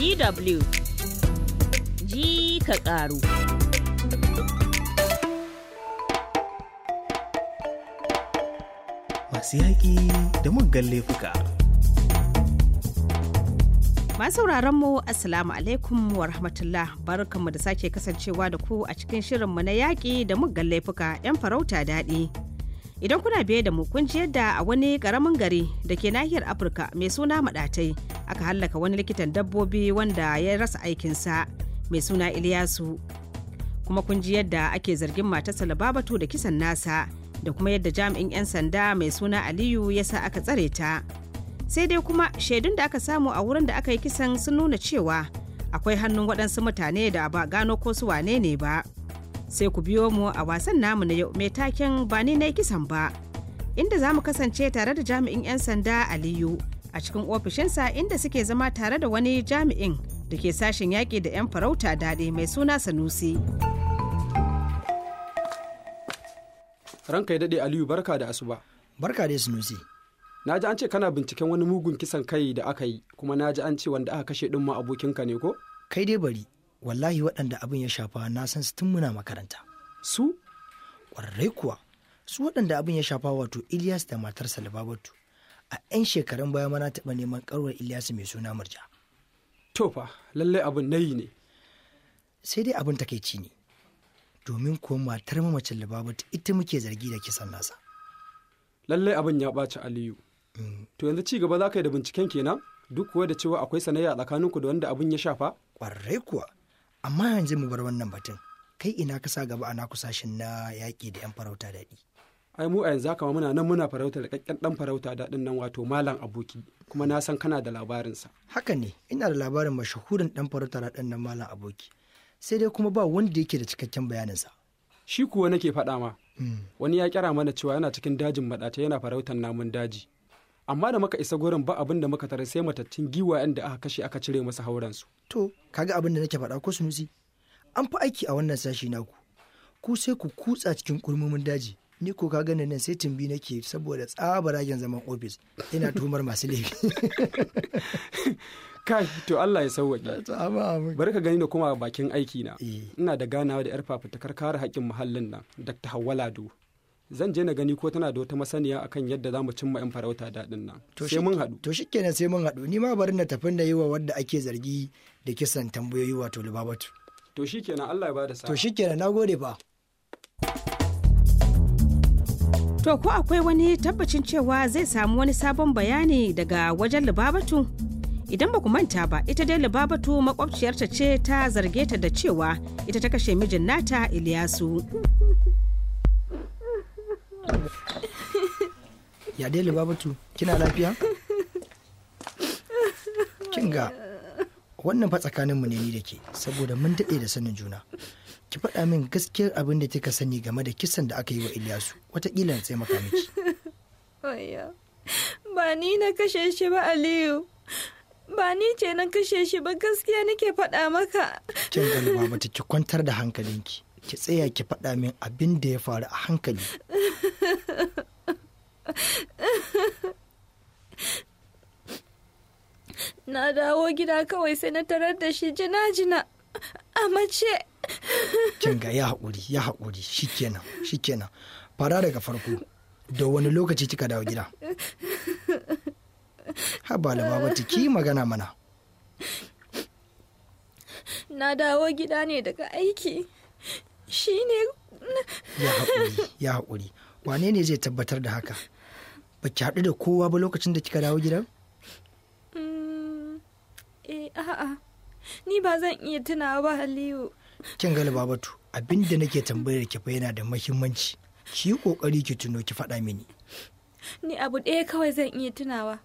DW ji ka ƙaru. Masu yaƙi da muggan laifuka. Masu mu Assalamu alaikum wa rahmatullah barkanmu da sake kasancewa da ku a cikin shirinmu na yaƙi da muggan laifuka 'yan farauta daɗi. Idan kuna biye da mu kun ji yadda a wani karamin gari da ke nahiyar Afirka mai suna madatai aka hallaka wani likitan dabbobi wanda ya rasa aikinsa mai suna Iliyasu. Kuma kun ji yadda ake zargin matarsa Lababatu da kisan nasa da kuma yadda jami'in 'yan sanda mai suna Aliyu ya sa aka tsare ta. Sai dai kuma shaidun da aka samu a wurin da aka yi kisan sun nuna cewa akwai hannun waɗansu mutane da ba gano ko su wane ne ba. sai ku biyo mu a wasan namu na yau mai taken ba ni na kisan ba inda za mu kasance tare da jami'in 'yan sanda aliyu a cikin ofishinsa inda suke zama tare da wani jami'in da ke sashen yaƙi da 'yan farauta daɗe mai suna sanusi ranka ya daɗe aliyu barka da asuba barka da sanusi na ji an ce kana binciken wani mugun kisan kai da aka yi kuma na ji an ce wanda aka kashe ɗin ma abokinka ne ko kai dai bari wallahi waɗanda abin ya shafa na san su tun muna makaranta su ƙwarai kuwa su waɗanda abin ya shafa wato ilyas da matarsa libabatu a 'yan shekarun baya mana taɓa neman ƙarwar ilyas mai suna murja tofa fa lallai abin yi ne sai dai abin takaici ne domin kuwa matar mamacin libabatu ita muke zargi da kisan nasa lallai abin ya ɓaci aliyu mm. to yanzu ci gaba za ka yi da binciken kenan duk kuwa da cewa akwai sanayya tsakaninku da wanda abin ya shafa ƙwarai kuwa amma yanzu mu bar wannan batun kai ina ka sa gaba ana kusashin na yaƙi da yan farauta daɗi ai mu a yanzu haka muna nan muna farauta da kakken dan farauta daɗin nan wato malam aboki kuma na san kana da labarinsa haka ne ina da labarin mashahurin dan farauta daɗin nan malam aboki sai dai kuma ba wanda yake da cikakken bayaninsa shi kuwa nake faɗa ma hmm. wani ya kira mana cewa yana cikin dajin maɗata yana farautar namun daji amma da muka isa gurin ba abin da muka tare sai matattun giwa da aka kashe aka cire masa hauren su to kaga abin da nake faɗa ko sunusi an fi aiki a wannan sashi naku ku sai ku kutsa cikin kurmumin daji ni ko kaga nan sai tumbi nake saboda tsabaragen zaman ofis ina tuhumar masu laifi kai to Allah ya sauwaƙe bari ka gani da kuma bakin aiki na eh. ina da ganawa da yar fafutakar kare haƙƙin muhallin nan Dr. Hawwa Lado zan je na gani ko tana da wata masaniya akan yadda za mu cimma 'yan farauta daɗin nan sai mun haɗu to shikenan sai mun haɗu ni ma bari na tafi na yi wa wadda ake zargi da kisan tambayoyi wato lubabatu to shikenan Allah ya bada sa'a to shikenan nagode fa to ko akwai wani tabbacin cewa zai samu wani sabon bayani daga wajen lubabatu idan ba ku manta ba ita dai lubabatu makwabciyarta ce ta zarge ta da cewa ita ta kashe mijin nata iliyasu ya dai libabatu kina lafiya Kinga, wannan fa tsakaninmu ne ni da ke saboda mun daɗe da sanin juna ki faɗa min gaskiyar abin da kika sani game da kisan da aka yi wa Ilyasu watakila na taimaka miki. ba ni na kashe shi ba Aliyu ba ni ce na kashe shi ba gaskiya nake faɗa maka. Kin gani ba ki kwantar da hankalinki ki tsaya ki faɗa min abin da ya faru a hankali na dawo gida kawai sai na tarar da shi jina-jina a mace kinga ya haƙuri ya haƙuri shikenan shikenan fara daga farko da wani lokaci kika dawo gida haba ta ki magana mana na dawo gida ne daga aiki shi ne ya haƙuri ya haƙuri wane ne zai tabbatar da haka ba ki haɗu da kowa ba lokacin da kika dawo gidan mm, eh a'a ni ba zan iya tunawa ba aliyu kin galiba batu abin da nake tambayar ki fa yana da mahimmanci. ki yi kokari ki tuno ki faɗa mini ni abu ɗaya kawai zan iya tunawa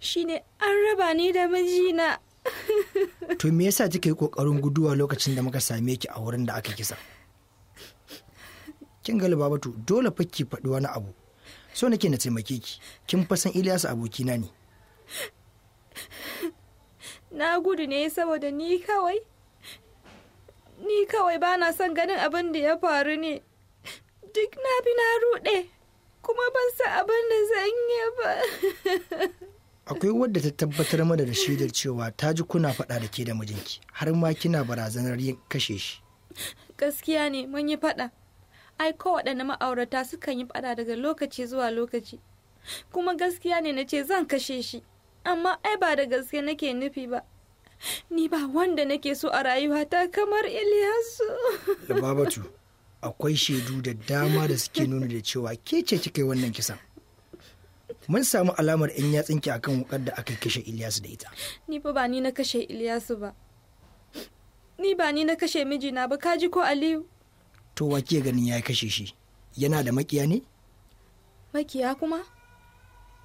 shine an raba ni da mijina to me yasa kika yi kokarin guduwa lokacin da muka same ki a wurin da aka kisa kin ga Lubabatu dole fa ki faɗi wani abu so nake na taimake ki kin fa san Ilyasu abokina ne na gudu ne saboda ni kawai ni kawai ba na son ganin abin da ya faru ne duk na bi na ruɗe kuma ban san abin da zan yi ba akwai wadda ta tabbatar mana da shaidar cewa ta ji kuna faɗa da ke da mijinki har ma kina barazanar yin kashe shi gaskiya ne mun yi faɗa ai waɗanne ma'aurata sukan yi fada daga lokaci zuwa lokaci kuma gaskiya ne na ce zan kashe shi amma ai ba da gaske nake nufi ba ni ba wanda nake so a rayuwa ta kamar Iliyasu. Babatu, akwai shaidu da dama da suke nuna da cewa ke ce kika wannan kisan. Mun samu alamar 'yan yatsinki akan wukar da aka kashe Iliyasu da ita. Ni ba ba ni na kashe Iliyasu ba. Ni ba ni na kashe mijina ba kaji ko Aliyu. to wake ganin ya kashe shi yana da makiya ne makiya kuma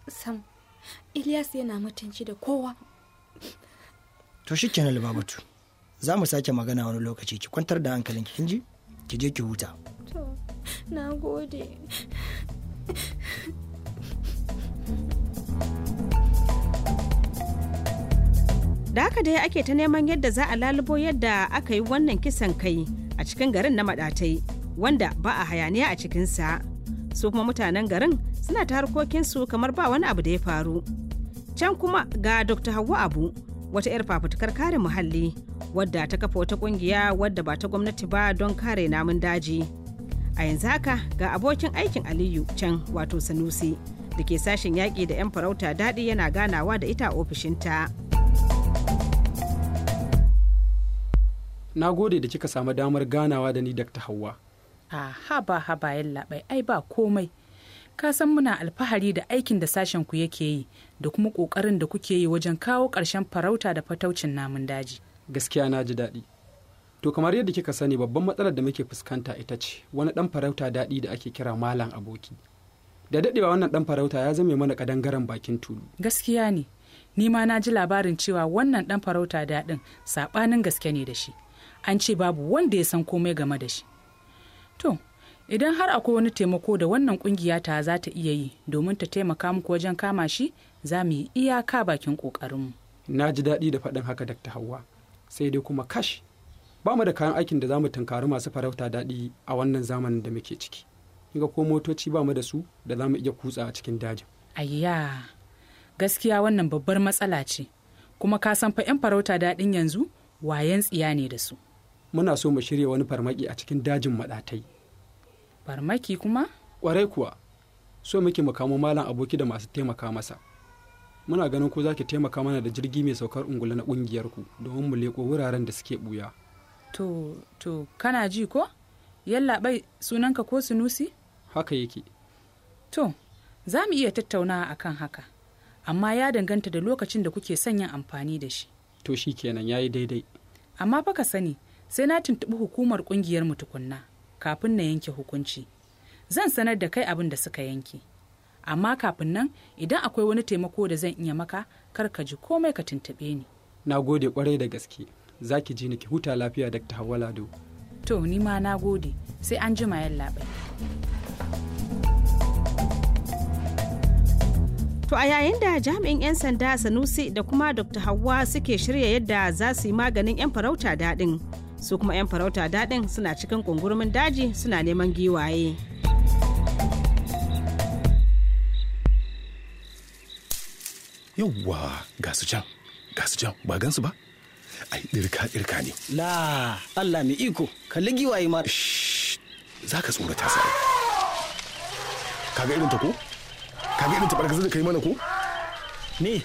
sam ilyas yana mutunci da kowa to shi kenan babatu za mu sake magana wani lokaci ki kwantar da hankalin kin ji ki je ki huta to na gode da haka dai ake ta neman yadda za a lalubo yadda aka yi wannan kisan kai a cikin garin na madatai wanda ba a hayaniya a cikinsa su kuma mutanen garin suna ta harkokinsu kamar ba wani abu da ya faru can kuma ga dr hawa abu wata 'yar fafutukar kare muhalli wadda ta kafa wata kungiya wadda ba ta gwamnati ba don kare namun daji a yanzu haka ga abokin aikin aliyu can wato sanusi da ke sashen yaƙi da 'yan farauta daɗi yana ganawa da ita ofishinta. na gode da kika samu damar ganawa da ni Dr. Hauwa. A haba haba labai ai ba komai. Ka san muna alfahari da aikin da sashen ku yake yi da kuma kokarin da kuke yi wajen kawo ƙarshen farauta da fataucin namun daji. Gaskiya na ji daɗi. To kamar yadda kika sani babban matsalar da muke fuskanta ita ce wani ɗan farauta daɗi da ake kira malam aboki. Da daɗewa wannan dan farauta ya zame mana ƙadangaren bakin tulu. Gaskiya ne. Ni ma na ji labarin cewa wannan ɗan farauta daɗin saɓanin gaske ne da shi. an ce babu wanda ya san komai game da shi to idan har akwai wani taimako da wannan kungiya ta za ta iya yi domin ta taimaka muku wajen kama shi za mu yi iyaka bakin kokarinmu na ji daɗi da faɗin haka dakta hauwa sai dai kuma kash ba mu da kayan aikin da za mu tunkari masu farauta daɗi a wannan zamanin da muke ciki ga ko motoci ba mu da su da za mu iya kutsa a cikin dajin ayya gaskiya wannan babbar matsala ce kuma ka san fa 'yan farauta daɗin yanzu wayan tsiya ne da su muna so mu shirya wani farmaki a cikin dajin maɗatai farmaki kuma ƙwarai kuwa so muke mu kamo malam aboki da masu taimaka masa muna ganin ko za ki taimaka mana da jirgi mai saukar ungulu na ƙungiyarku domin mu leko wuraren da suke buya. to to kana ji ko yallaɓai sunanka ko sunusi haka yake to za mu iya tattaunawa akan haka amma ya danganta da lokacin da kuke son yin amfani da shi to shi kenan ya yi daidai amma fa ka sani sai na tuntuɓi hukumar ƙungiyar mu tukunna kafin na yanke hukunci zan sanar da kai abin da suka yanke amma kafin nan idan akwai wani taimako da zan iya maka kar ka ji komai ka tuntuɓe ni na gode kwarai da gaske za ki ji ni ki huta lafiya dr hawa lado to ni ma na gode sai an jima yan labai To a yayin da jami'in 'yan sanda Sanusi da kuma Dr. Hauwa suke shirya yadda za su yi maganin 'yan farauta daɗin. su kuma 'yan farauta daɗin suna cikin kungurumin daji suna neman giwaye. yawwa ga su can ga su can ba gansu ba ai ɗirka-ɗirka ne la Allah mai iko kalli giwaye ma za ka tsorata ka kaga irin ta ko kaga irin ta barkaza da kai mana ko me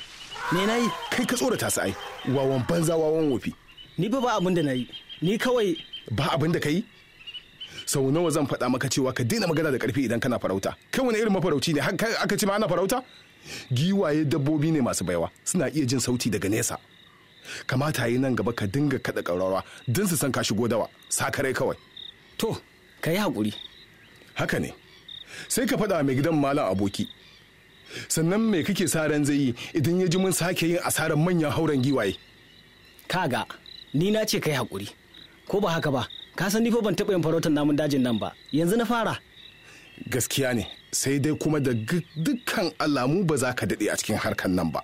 me yi. kai ka ta sa'a. wawan banza wawan wofi ni ba abin da na yi ni kawai ba abin da ka yi sau nawa zan faɗa maka cewa ka daina magana da ƙarfi idan kana farauta kai wani irin mafarauci ne aka ce ma ana farauta giwaye dabbobi ne masu baiwa suna iya jin sauti daga nesa kamata yi nan gaba ka dinga kaɗa ƙararwa don su san ka shigo dawa sakarai kawai to ka yi haƙuri haka ne sai ka faɗa mai gidan malam aboki sannan me kake sa ran zai yi idan ya ji mun sake yin asarar manyan hauren giwaye kaga ni na ce kai haƙuri ko ba haka ba ka san ni fa ban taɓa yin farautar namun dajin nan ba yanzu na fara gaskiya ne sai dai kuma da dukkan alamu ba za ka daɗe a cikin harkan nan ba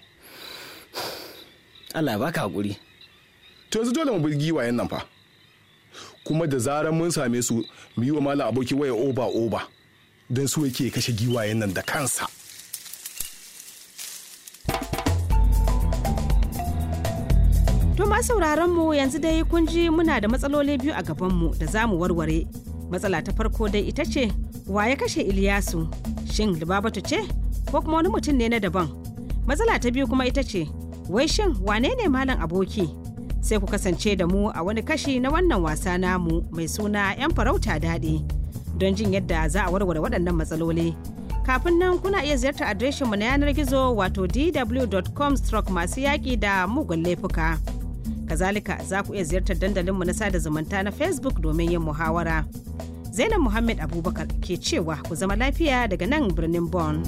Allah ya baka hakuri. to yanzu dole mu bi giwayen nan fa kuma da zarar mun same su mu yi wa malam aboki waya oba oba don su yake kashe giwayen nan da kansa ma sauraron mu yanzu dai kun ji muna da matsaloli biyu a gabanmu da za mu warware. Matsala ta farko dai ita ce wa ya kashe Iliyasu shin Libabatu ce ko kuma wani mutum ne na daban. Matsala ta biyu kuma ita ce wai shin wane ne malam aboki sai ku kasance da mu a wani kashi na wannan wasa namu mai suna 'yan farauta daɗi don jin yadda za a warware waɗannan matsaloli. kafin nan kuna iya ziyartar adireshinmu na yanar gizo wato dw.com masu yaƙi da mugun laifuka. Kazalika za ku iya ziyartar dandalinmu na sada zumunta na Facebook domin yin muhawara. Zainab Muhammad Abubakar ke cewa ku zama lafiya daga nan birnin Bonn.